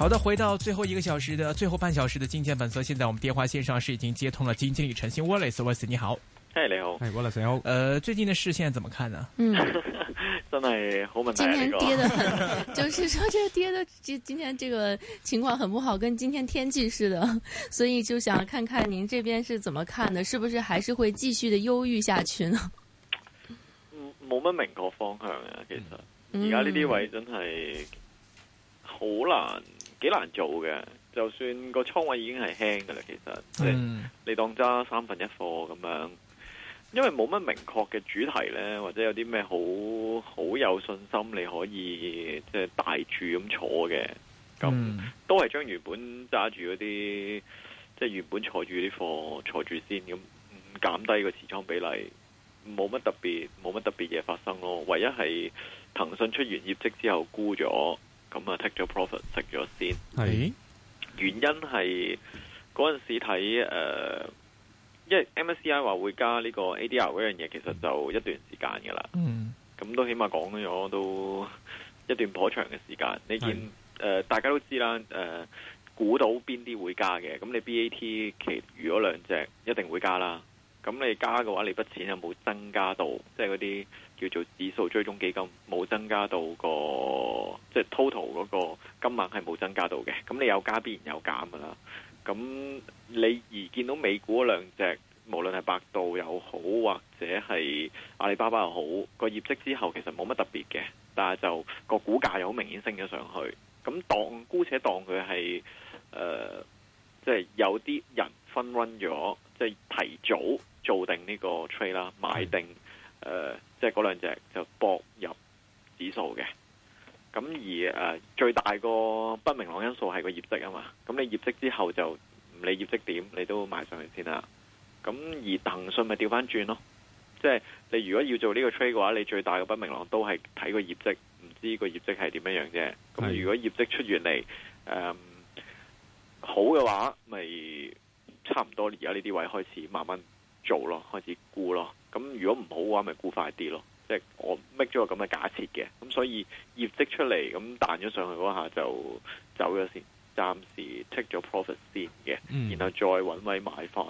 好的，回到最後一個小時的最後半小時的今天。本色。現在我們電話線上是已經接通了，基金經理陳昕 Wallace，Wallace，你好。嗨，你好。嗨，Wallace 你好。呃，最近的市線怎麼看呢？嗯， 真係好問題啊。今天跌的很， 就是說這個跌的今今天這個情況很不好，跟今天天氣似的，所以就想看看您這邊是怎麼看的，是不是還是會繼續的憂鬱下去呢？嗯，冇乜明確方向啊，其實。而家呢啲位真係好難。幾難做嘅，就算個倉位已經係輕嘅啦，其實，你、嗯就是、你當揸三分一貨咁樣，因為冇乜明確嘅主題呢，或者有啲咩好好有信心你可以即係、就是、大注咁坐嘅，咁、嗯、都係將原本揸住嗰啲即係原本坐住啲貨坐住先，咁減低個持倉比例，冇乜特別，冇乜特別嘢發生咯。唯一係騰訊出完業績之後沽咗。咁啊，take 咗 profit 食咗先。係原因係嗰陣時睇誒、呃，因為 MSCI 話會加呢個 ADR 嗰樣嘢，其實就一段時間㗎啦。嗯，咁都起碼講咗都一段頗長嘅時間。你見、呃、大家都知啦，誒、呃、估到邊啲會加嘅，咁你 BAT 其餘兩隻一定會加啦。咁你加嘅話，你筆錢有冇增加到？即係嗰啲。叫做指數追蹤基金冇增加到個，即係 total 嗰個金額係冇增加到嘅。咁你有加必然有減噶啦。咁你而見到美股嗰兩隻，無論係百度又好，或者係阿里巴巴又好，個業績之後其實冇乜特別嘅，但係就個股價又好明顯升咗上去。咁當姑且當佢係誒即係有啲人分 run 咗，即係提早做定呢個 trade 啦，買定誒。呃即係嗰兩隻就搏入指數嘅，咁而誒、啊、最大個不明朗因素係個業績啊嘛。咁你業績之後就唔理業績點，你都買上去先啦。咁而騰訊咪調翻轉咯。即係你如果要做呢個 trade 嘅話，你最大嘅不明朗都係睇個業績，唔知個業績係點樣樣啫。咁如果業績出完嚟誒好嘅話，咪差唔多而家呢啲位開始慢慢做咯，開始估咯咯。咁如果唔好嘅話，咪沽快啲咯。即係我 make 咗個咁嘅假設嘅，咁所以業績出嚟咁彈咗上去嗰下就走咗先，暫時 take 咗 profit 先嘅、嗯，然後再揾位買翻。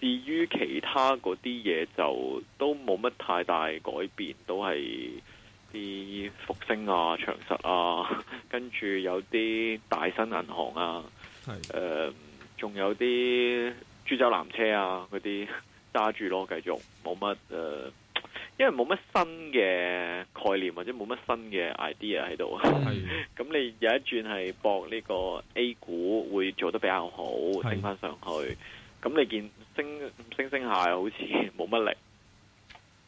至於其他嗰啲嘢就都冇乜太大改變，都係啲復星啊、長實啊，跟住有啲大新銀行啊，仲、呃、有啲株洲纜車啊嗰啲。揸住咯，繼續冇乜誒，因為冇乜新嘅概念或者冇乜新嘅 idea 喺度。咁、嗯、 你有一轉係博呢個 A 股會做得比較好，升翻上去。咁你見升升升下好似冇乜力，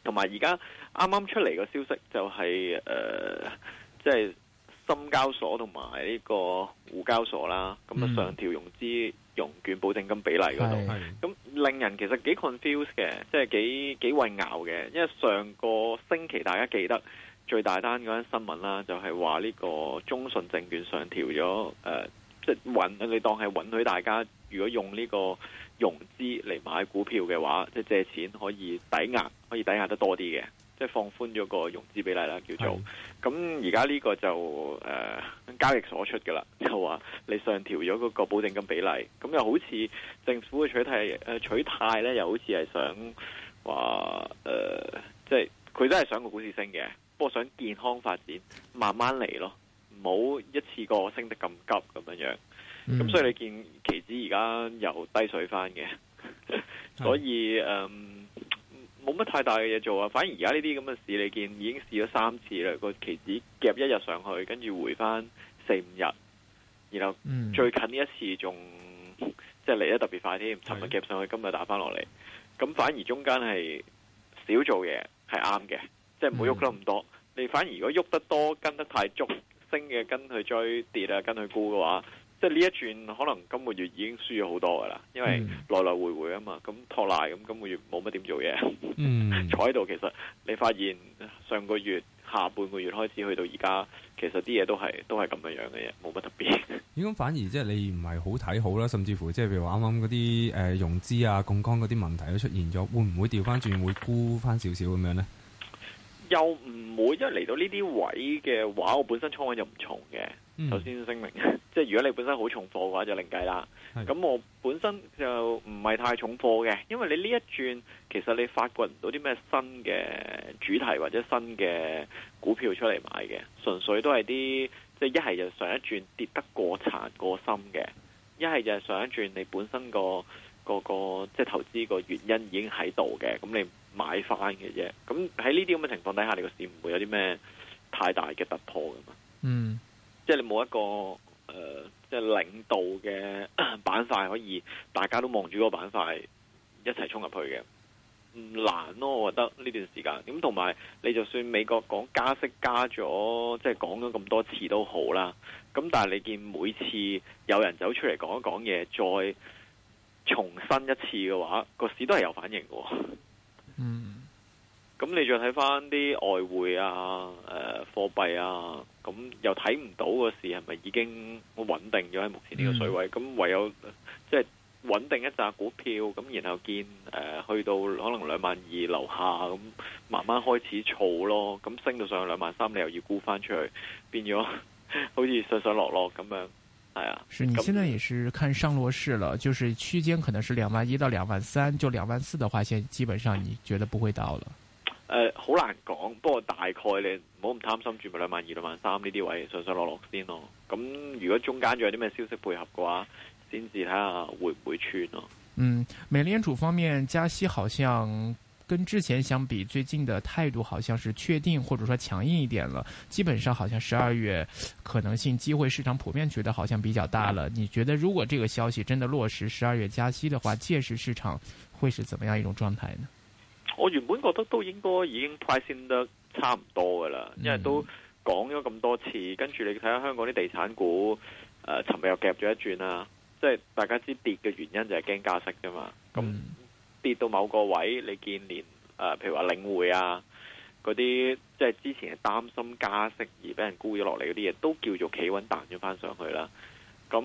同埋而家啱啱出嚟嘅消息就係、是、誒，即、呃、係、就是、深交所同埋呢個滬交所啦，咁啊上調融資。嗯融券保證金比例嗰度，咁令人其實幾 confused 嘅，即係幾幾混淆嘅。因為上個星期大家記得最大單嗰單新聞啦、啊，就係話呢個中信證券上調咗，誒、呃、即係允你當係允許大家如果用呢個融資嚟買股票嘅話，即係借錢可以抵押，可以抵押得多啲嘅。即係放寬咗個融資比例啦，叫做咁而家呢個就誒、呃、交易所出㗎啦，就話你上調咗嗰個保證金比例，咁又好似政府嘅取態取態咧，又好似係想話誒，即係佢都係想個股市升嘅，不過想健康發展，慢慢嚟咯，唔好一次過升得咁急咁樣樣，咁、嗯、所以你見期指而家又低水返嘅， 所以誒。呃冇乜太大嘅嘢做啊，反而而家呢啲咁嘅市你見已經試咗三次啦，個期指夾一日上去，跟住回翻四五日，然後最近呢一次仲即係嚟得特別快添，尋日夾上去，今日打翻落嚟，咁反而中間係少做嘢係啱嘅，即係唔好喐得咁多。你反而如果喐得多，跟得太足，升嘅跟佢追跌啊，跟佢沽嘅話。即係呢一轉，可能今個月已經輸咗好多噶啦，因為來來回回啊嘛，咁托賴，咁今個月冇乜點做嘢、嗯，坐喺度。其實你發現上個月下半個月開始去到而家，其實啲嘢都係都係咁樣樣嘅嘢，冇乜特別、欸。咁反而即係你唔係好睇好啦，甚至乎即係譬如話啱啱嗰啲誒融資啊、槓桿嗰啲問題都出現咗，會唔會調翻轉會沽翻少少咁樣呢？又唔會，因為嚟到呢啲位嘅話，我本身倉位又唔重嘅。首、嗯、先聲明，即係如果你本身好重貨嘅話就，就另計啦。咁我本身就唔係太重貨嘅，因為你呢一轉其實你發掘唔到啲咩新嘅主題或者新嘅股票出嚟買嘅，純粹都係啲即係一係就係上一轉跌得過殘過深嘅，一係就上一轉你本身個個嗰即係投資個原因已經喺度嘅，咁你買翻嘅啫。咁喺呢啲咁嘅情況底下，你個市唔會有啲咩太大嘅突破噶嘛？嗯。即係你冇一個誒、呃，即係領導嘅板塊可以，大家都望住個板塊一齊衝入去嘅，唔難咯，我覺得呢段時間。咁同埋，你就算美國講加息加咗，即係講咗咁多次都好啦。咁但係你見每次有人走出嚟講一講嘢，再重申一次嘅話個市都係有反應喎。嗯。咁你再睇翻啲外匯啊，誒、呃，貨幣啊。咁又睇唔到個市係咪已經穩定咗喺目前呢個水位？咁唯有即係、就是、穩定一扎股票，咁然後見、呃、去到可能兩萬二樓下咁，慢慢開始儲咯。咁升到上兩萬三，你又要沽翻出去，變咗好似上上落落咁樣。係啊，是你現在也是看上落市了，就是區間可能是兩萬一到兩萬三，就兩萬四的話，現在基本上你覺得不會到了。呃，好難講，不過大概你唔好咁貪心住，咪兩萬二、兩萬三呢啲位上上落落先咯。咁如果中間仲有啲咩消息配合嘅話，先至睇下會唔會穿咯。嗯，美聯儲方面加息，好像跟之前相比，最近的態度好像是確定或者說強硬一點了。基本上，好像十二月可能性機會市場普遍覺得好像比較大了。你覺得如果這個消息真的落實十二月加息的話，屆時市場會是怎麼樣一種狀態呢？我原本覺得都應該已經 pricing 得差唔多噶啦，因為都講咗咁多次，跟住你睇下香港啲地產股，誒尋日又夾咗一轉啊！即係大家知跌嘅原因就係驚加息噶嘛，咁、嗯、跌到某個位，你見連誒、呃，譬如話領匯啊，嗰啲即係之前係擔心加息而俾人沽咗落嚟嗰啲嘢，都叫做企穩彈咗翻上去啦。咁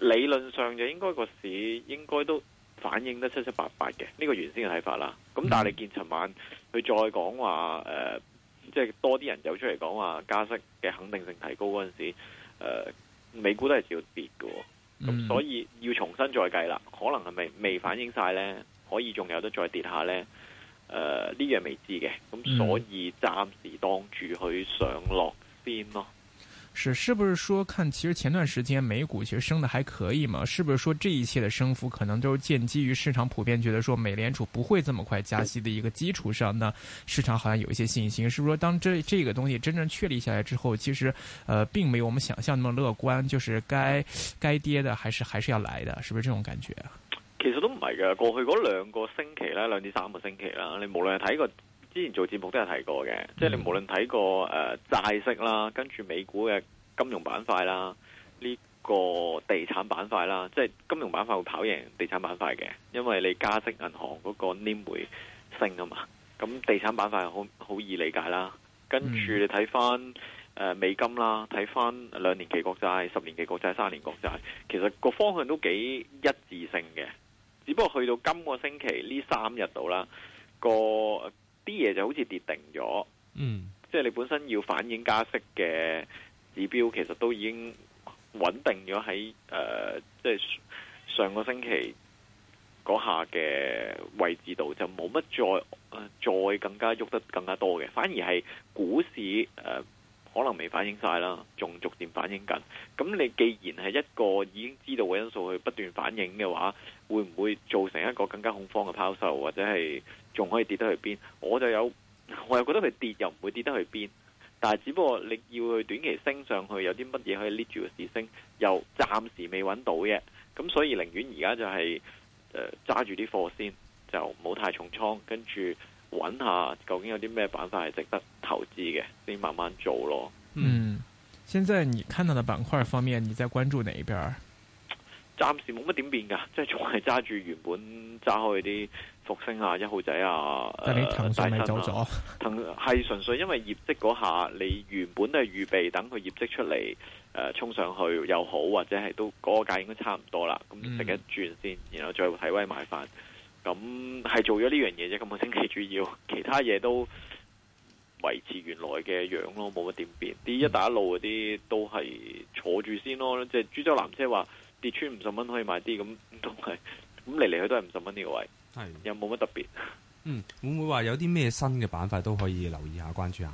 理論上就應該個市應該都反映得七七八八嘅，呢、這個原先嘅睇法啦。咁但係你見尋晚佢再講話，誒、呃，即係多啲人走出嚟講話加息嘅肯定性提高嗰陣時，誒、呃，美股都係照跌喎。咁、嗯、所以要重新再計啦，可能係咪未反映晒呢，可以仲有得再跌下呢。誒、呃，呢樣未知嘅。咁所以暫時當住佢上落先咯。是，是不是說看？其實前段時間美股其實升的還可以嘛？是不是說這一切的升幅可能都是建基於市場普遍覺得說美聯儲不會這麼快加息的一個基礎上呢？市場好像有一些信心，是不是說當這這個東西真正確立下來之後，其實呃並沒有我們想象那麼樂觀，就是該該跌的還是還是要來的，是不是這種感覺？其實都唔係㗎，過去嗰兩個星期啦，兩至三個星期啦，你無論係睇個。之前做節目都係提過嘅，即係你無論睇過誒債息啦，跟住美股嘅金融板塊啦，呢個地產板塊啦，即係金融板塊會跑贏地產板塊嘅，因為你加息銀行嗰個 NIM 會升啊嘛。咁地產板塊好好易理解啦。跟住你睇翻誒美金啦，睇翻兩年期國債、十年期國債、三年國債，其實個方向都幾一致性嘅。只不過去到今個星期呢三日度啦，個啲嘢就好似跌定咗，嗯，即係你本身要反映加息嘅指標，其實都已經穩定咗喺誒，即係上個星期嗰下嘅位置度，就冇乜再、呃、再更加喐得更加多嘅，反而係股市誒、呃、可能未反映晒啦，仲逐漸反映緊。咁你既然係一個已經知道嘅因素去不斷反映嘅話，會唔會造成一個更加恐慌嘅拋售，或者係？仲可以跌得去邊？我就有，我又覺得佢跌又唔會跌得去邊。但係只不過你要去短期升上去，有啲乜嘢可以 lift 住個市升，又暫時未揾到嘅。咁所以寧願而家就係揸住啲貨先，就唔好太重倉，跟住揾下究竟有啲咩辦法係值得投資嘅，先慢慢做咯。嗯，現在你看到的板塊方面，你在關注哪一邊？暫時冇乜點變噶，即係仲係揸住原本揸開啲。復星啊！一號仔啊！但、就、係、是、你騰訊咪走咗？騰係、啊、純粹因為業績嗰下，你原本都係預備等佢業績出嚟誒、呃，衝上去又好，或者係都嗰、那個價應該差唔多啦。咁食一轉先，然後再睇位買翻。咁、嗯、係做咗呢樣嘢啫。咁、那個星期主要其他嘢都維持原來嘅樣咯，冇乜點變啲一帶一路嗰啲都係坐住先咯。即係株洲纜車話跌穿五十蚊可以買啲咁，那都係咁嚟嚟去都係五十蚊呢個位。係又冇乜特別，嗯，會唔會話有啲咩新嘅板塊都可以留意下、關注下？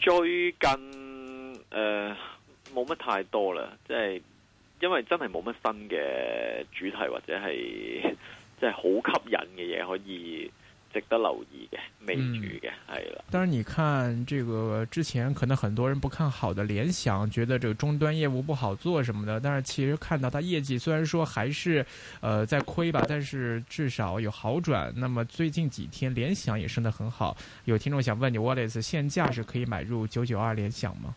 最近誒冇乜太多啦，即係因為真係冇乜新嘅主題或者係即係好吸引嘅嘢可以。值得留意嘅，未住嘅係啦。當、嗯、然，你看這個之前可能很多人不看好的聯想，覺得這個終端業務不好做什麼的。但是其實看到它業績雖然說還是，呃在虧吧，但是至少有好轉。那麼最近幾天聯想也升得很好。有聽眾想問你，what is,it? 現價是可以買入九九二聯想嗎？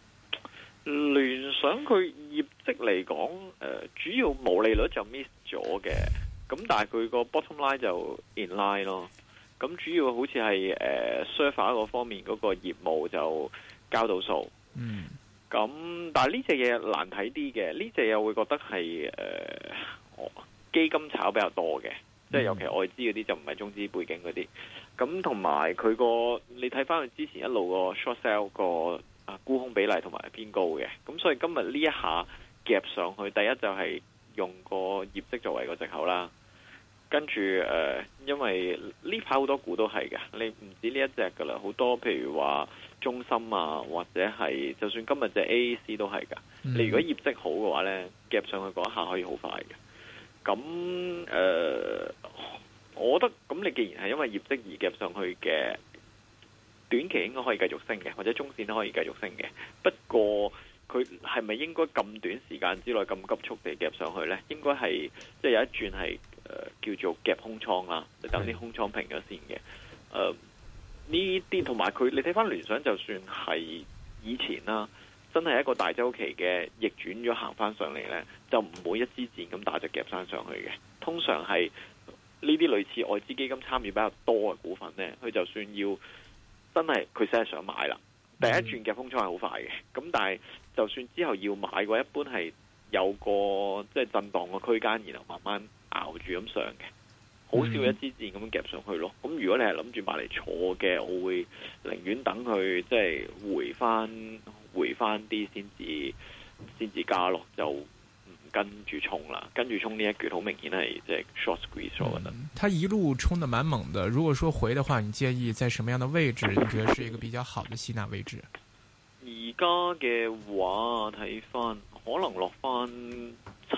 聯想佢業績嚟講，主要毛利率就 miss 咗嘅，咁但係佢個 bottom line 就 in line 咯。咁主要好似係誒 server 嗰方面嗰個業務就交到數。嗯。咁但係呢隻嘢難睇啲嘅，呢隻又會覺得係誒、呃、基金炒比較多嘅、嗯，即係尤其外資嗰啲就唔係中資背景嗰啲。咁同埋佢個你睇翻佢之前一路個 short sell 個沽空比例同埋偏高嘅。咁所以今日呢一下夾上去，第一就係用個業績作為個藉口啦。跟住誒、呃，因為呢排好多股都係嘅，你唔止呢一隻噶啦，好多譬如話中芯啊，或者係就算今日隻 A A C 都係噶、嗯。你如果業績好嘅話呢，夾上去嗰一下可以好快嘅。咁誒、呃，我覺得咁，你既然係因為業績而夾上去嘅，短期應該可以繼續升嘅，或者中線都可以繼續升嘅。不過佢係咪應該咁短時間之內咁急速地夾上去呢？應該係即係有一轉係。叫做夾空倉啦，就等啲空倉平咗先嘅。誒、呃，呢啲同埋佢，你睇翻聯想，就算係以前啦，真係一個大周期嘅逆轉咗行翻上嚟呢，就唔會一支箭咁打只夾山上去嘅。通常係呢啲類似外資基金參與比較多嘅股份呢，佢就算要真係佢先係想買啦，第一轉夾空倉係好快嘅。咁但係就算之後要買嘅話，一般係有個即係、就是、震蕩嘅區間，然後慢慢。咬住咁上嘅，好少一支箭咁樣夾上去咯。咁如果你係諗住買嚟坐嘅，我會寧願等佢即係回翻回翻啲先至先至加咯，就唔跟住衝啦。跟住衝呢一橛，好明顯係即係 short squeeze 他一路衝得蠻猛的，如果說回的話，你建議在什麼樣的位置？你覺得是一個比較好的吸納位置？而家嘅話睇翻，可能落翻七。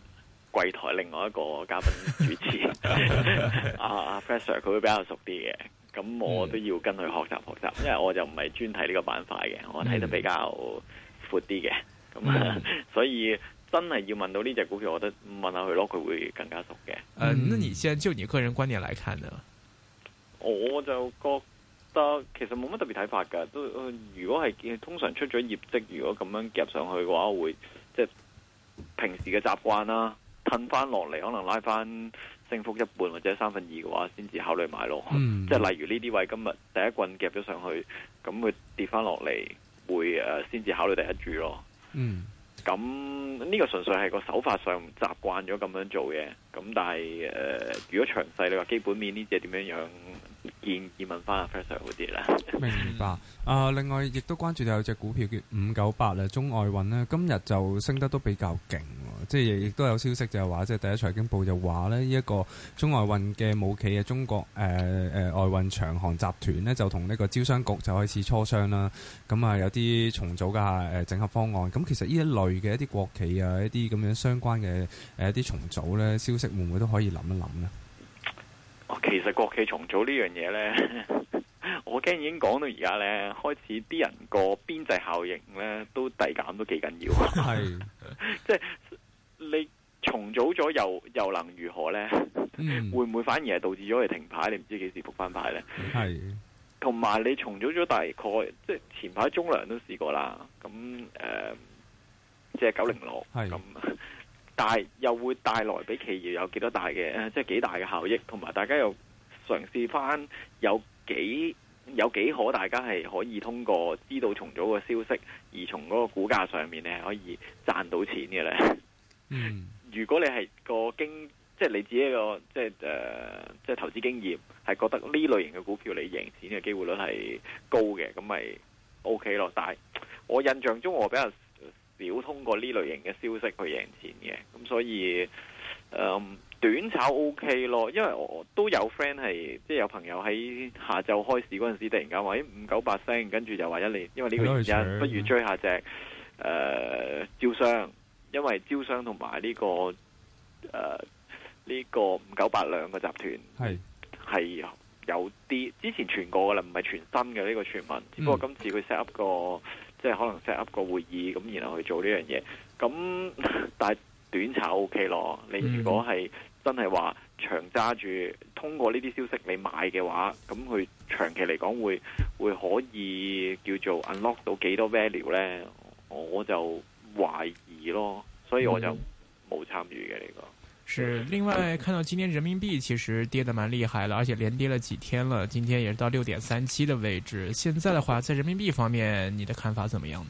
櫃台另外一個嘉賓主持， 啊啊 Professor 佢會比較熟啲嘅，咁我都要跟佢學習學習，因為我就唔係專睇呢個板塊嘅，我睇得比較闊啲嘅，咁、嗯、 所以真係要問到呢隻股票，我覺得問下佢咯，佢會更加熟嘅。誒、嗯，那你先就你個人觀點嚟看呢？我就覺得其實冇乜特別睇法㗎，都、呃、如果係通常出咗業績，如果咁樣夾上去嘅話，我會即係、就是、平時嘅習慣啦。褪翻落嚟，可能拉翻升幅一半或者三分二嘅話，先至考慮買咯。即係例如呢啲位，今日第一棍夾咗上去，咁佢跌翻落嚟，會誒先至考慮第一注咯。嗯，咁呢、這個純粹係個手法上習慣咗咁樣做嘢。咁但係誒、呃，如果詳細你話基本面呢隻點樣樣，建議問翻阿 Professor 好啲啦。明白。 啊，另外亦都關注到有隻股票叫五九八啦，中外運咧，今日就升得都比較勁。即係亦都有消息就係話，即係第一財經報就話咧，呢一個中外運嘅母企嘅中國誒誒外運長航集團呢，就同呢個招商局就開始磋商啦。咁啊有啲重組嘅誒整合方案。咁其實呢一類嘅一啲國企啊，一啲咁樣相關嘅誒一啲重組呢，消息會唔會都可以諗一諗呢？其實國企重組呢樣嘢呢，我驚已經講到而家呢，開始啲人個邊際效應呢都遞減都幾緊要。係， 即、就、係、是。你重組咗又又能如何呢？嗯、會唔會反而係導致咗你停牌？你唔知幾時復翻牌呢？係同埋你重組咗、呃就是，大概即係前排中糧都試過啦。咁誒，即係九零六咁，但係又會帶來俾企業有幾多大嘅？即係幾大嘅效益？同埋大家又嘗試翻有幾有幾可？大家係可以通過知道重組嘅消息而從嗰個股價上面咧，係可以賺到錢嘅呢。嗯，如果你係個經，即、就、係、是、你自己一個，即係誒，即、呃、係、就是、投資經驗，係覺得呢類型嘅股票你贏錢嘅機會率係高嘅，咁咪 OK 咯。但係我印象中我比較少通過呢類型嘅消息去贏錢嘅，咁所以誒、呃、短炒 OK 咯，因為我都有 friend 係即係有朋友喺下晝開市嗰陣時，突然間話，五九八升，跟住就話，一你，因為呢個原因， 不如追下隻誒招商。因為招商同埋呢個誒呢、呃呢個五九八兩個集團係係有啲之前傳過噶啦，唔係全新嘅呢、呢個傳聞、嗯，只不過今次佢 set up 個即係可能 set up 個會議咁，然後去做呢樣嘢。咁但係短炒 O.K. 咯。你如果係真係話長揸住通過呢啲消息你買嘅話，咁佢長期嚟講會會可以叫做 unlock 到幾多 value 咧？我就。懷疑咯，所以我就冇、嗯、參與嘅呢、這個。是另外看到今天人民幣其實跌得蠻厲害啦，而且連跌了幾天了。今天也是到六點三七的位置。現在的話，在人民幣方面，你的看法怎麼樣呢？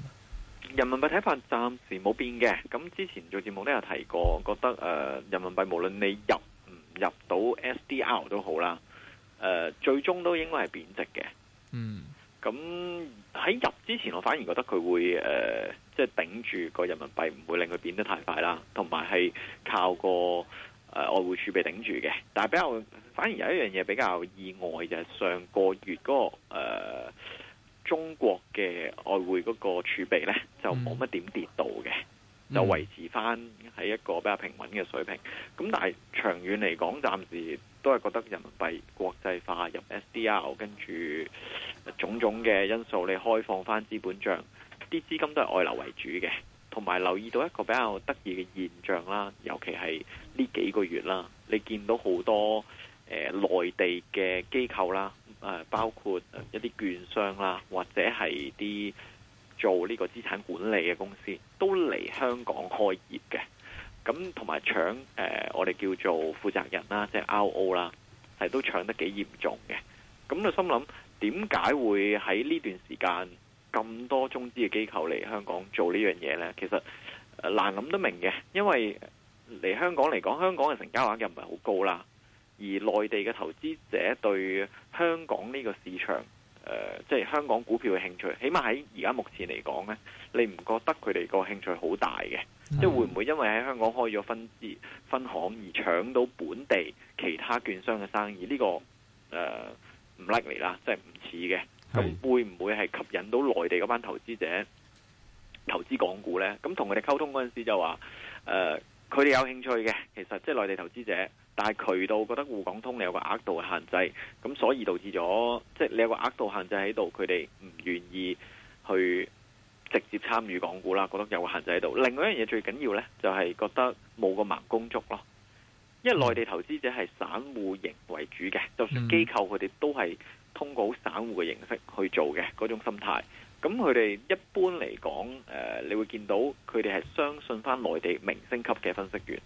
人民幣睇法暫時冇變嘅。咁之前做節目都有提過，覺得誒、呃，人民幣無論你入唔入到 SDR 都好啦，誒、呃，最終都應該係貶值嘅。嗯，咁喺入之前，我反而覺得佢會誒。呃即係頂住個人民幣唔會令佢變得太快啦，同埋係靠個誒外匯儲備頂住嘅。但係比較反而有一樣嘢比較意外就係、是、上個月嗰、那個誒、呃、中國嘅外匯嗰個儲備呢，就冇乜點跌到嘅、嗯，就維持翻喺一個比較平穩嘅水平。咁、嗯、但係長遠嚟講，暫時都係覺得人民幣國際化入 SDR，跟住種種嘅因素，你開放翻資本賬。啲資金都係外流為主嘅，同埋留意到一個比較得意嘅現象啦，尤其係呢幾個月啦，你見到好多、呃、內地嘅機構啦、呃，包括一啲券商啦，或者係啲做呢個資產管理嘅公司都嚟香港開業嘅，咁同埋搶、呃、我哋叫做負責人、即係、RO，啦，即係 RO 啦，係都搶得幾嚴重嘅。咁就心諗點解會喺呢段時間？咁多中資嘅機構嚟香港做呢樣嘢呢，其實、呃、難諗得明嘅，因為嚟香港嚟講，香港嘅成交額又唔係好高啦。而內地嘅投資者對香港呢個市場，即、呃、係、就是、香港股票嘅興趣，起碼喺而家目前嚟講呢，你唔覺得佢哋個興趣好大嘅？Mm. 即係會唔會因為喺香港開咗分支分行而搶到本地其他券商嘅生意？呢、呢個唔 likely 啦，即係唔似嘅。咁會唔會係吸引到內地嗰班投資者投資港股呢？咁同佢哋溝通嗰陣時就話，誒、呃，佢哋有興趣嘅，其實即係內地投資者，但係渠道覺得滬港通你有個額度嘅限制，咁所以導致咗，即係你有個額度限制喺度，佢哋唔願意去直接參與港股啦，覺得有個限制喺度。另外一樣嘢最緊要呢，就係覺得冇個盲公竹咯，因為內地投資者係散戶型為主嘅，就算機構佢哋都係。通過好散戶嘅形式去做嘅嗰種心態，咁佢哋一般嚟講，誒，你會見到佢哋係相信翻內地明星級嘅分析員，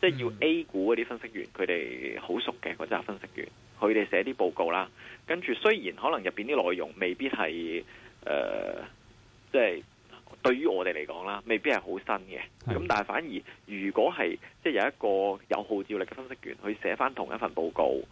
即係要 A 股嗰啲分析員，佢哋好熟嘅嗰紮分析員，佢哋寫啲報告啦，跟住雖然可能入邊啲內容未必係，誒，即係對於我哋嚟講啦，未必係好新嘅，咁但係反而如果係即係有一個有號召力嘅分析員去寫翻同一份報告。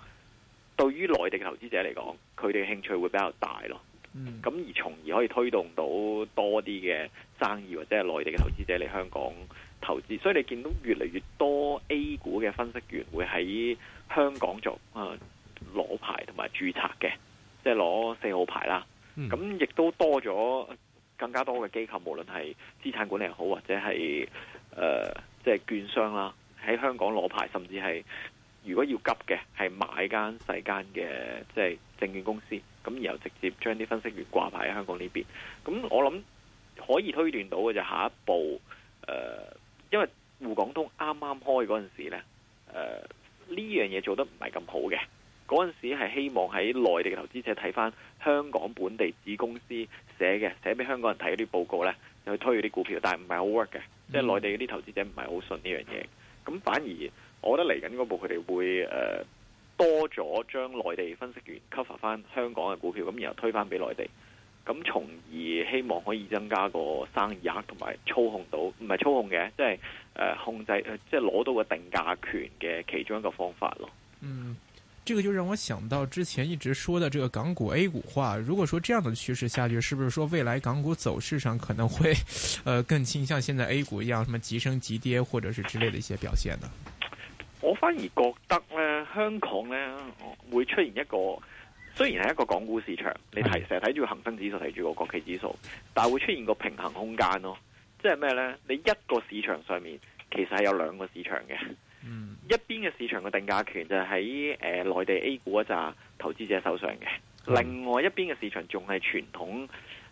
對於內地嘅投資者嚟講，佢哋嘅興趣會比較大咯。咁、嗯、而從而可以推動到多啲嘅生意或者係內地嘅投資者嚟香港投資。所以你見到越嚟越多 A 股嘅分析員會喺香港做啊攞、呃、牌同埋註冊嘅，即係攞四號牌啦。咁亦都多咗更加多嘅機構，無論係資產管理又好，或者係誒即係券商啦，喺香港攞牌，甚至係。如果要急嘅，係買一間細間嘅，即係證券公司，咁然後直接將啲分析員掛牌喺香港呢邊。咁我諗可以推斷到嘅就下一步，誒、呃，因為滬港通啱啱開嗰陣時咧，呢樣嘢做得唔係咁好嘅。嗰陣時係希望喺內地嘅投資者睇翻香港本地子公司寫嘅寫俾香港人睇嗰啲報告咧，就去推佢啲股票，但係唔係好 work 嘅、嗯，即係內地嗰啲投資者唔係好信呢樣嘢，咁反而。我覺得嚟緊嗰步，佢哋會呃多咗將內地分析員 cover 返香港嘅股票，咁然後推返俾內地，咁從而希望可以增加個生意額同埋操控到，唔係操控嘅，即係、呃、控制，即係攞到個定價權嘅其中一個方法咯。嗯，這個就讓我想到之前一直說的這個港股 A 股化。如果說這樣的趨勢下去，是不是說未來港股走勢上可能會，呃，更傾向現在 A 股一樣，什麼急升急跌或者是之類的一些表現呢？我反而覺得咧，香港咧會出現一個，雖然係一個港股市場，你提成日睇住恒生指數，睇住個國企指數，但係會出現一個平衡空間咯。即係咩咧？你一個市場上面其實係有兩個市場嘅，嗯，一邊嘅市場嘅定價權就喺誒、呃、內地 A 股嗰紮投資者手上嘅、嗯，另外一邊嘅市場仲係傳統誒、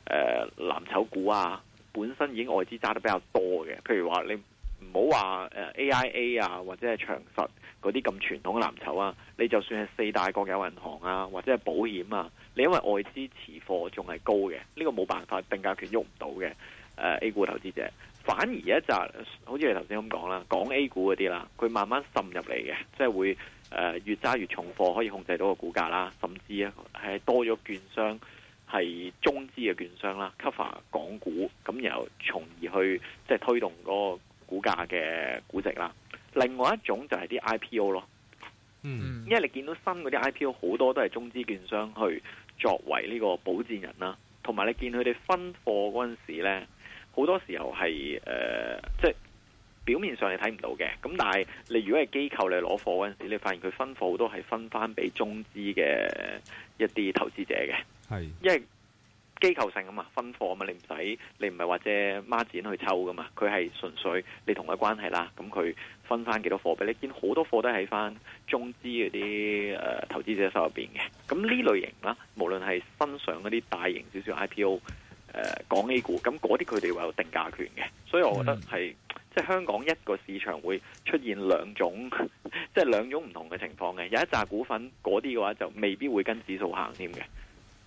呃、藍籌股啊，本身已經外資揸得比較多嘅，譬如話你。唔好話誒 AIA 啊，或者係長實嗰啲咁傳統嘅藍籌啊，你就算係四大國有銀行啊，或者係保險啊，你因為外資持貨仲係高嘅，呢、這個冇辦法，定價權喐唔到嘅誒 A 股投資者，反而一就是、好似你頭先咁講啦，講 A 股嗰啲啦，佢慢慢滲入嚟嘅，即係會誒、呃、越揸越重貨，可以控制到個股價啦，甚至啊係多咗券商係中資嘅券商啦 cover 港股，咁然後從而去即係、就是、推動嗰、那個。股價嘅估值啦，另外一種就係啲 IPO 咯，嗯，因為你見到新嗰啲 IPO 好多都係中資券商去作為呢個保薦人啦，同埋你見佢哋分貨嗰陣時咧，好多時候係誒，即、呃、係、就是、表面上你睇唔到嘅，咁但係你如果係機構嚟攞貨嗰陣時，你發現佢分貨都係分翻俾中資嘅一啲投資者嘅，係，因為。機構性啊嘛，分貨啊嘛，你唔使，你唔係話借孖展去抽噶嘛，佢係純粹你同佢關係啦，咁佢分翻幾多貨俾你。見好多貨都喺翻中資嗰啲誒投資者手入邊嘅。咁呢類型啦，無論係新上嗰啲大型少少 IPO 誒、呃、港 A 股，咁嗰啲佢哋話有定價權嘅，所以我覺得係即係香港一個市場會出現兩種，即係兩種唔同嘅情況嘅。有一扎股份嗰啲嘅話，就未必會跟指數行添嘅。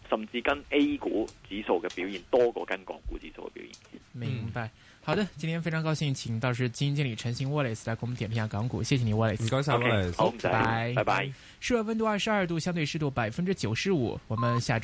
甚至跟 A 股指數嘅表現多過跟港股指數嘅表現。明白，嗯，好的，今天非常高興，請到時基金經理陳昕 Wallace 來，我們點評下港股，謝謝你 Wallace。唔該晒，好，Bye Bye，拜拜。室外溫度二十二度，相對濕度百分之九十五。我們下。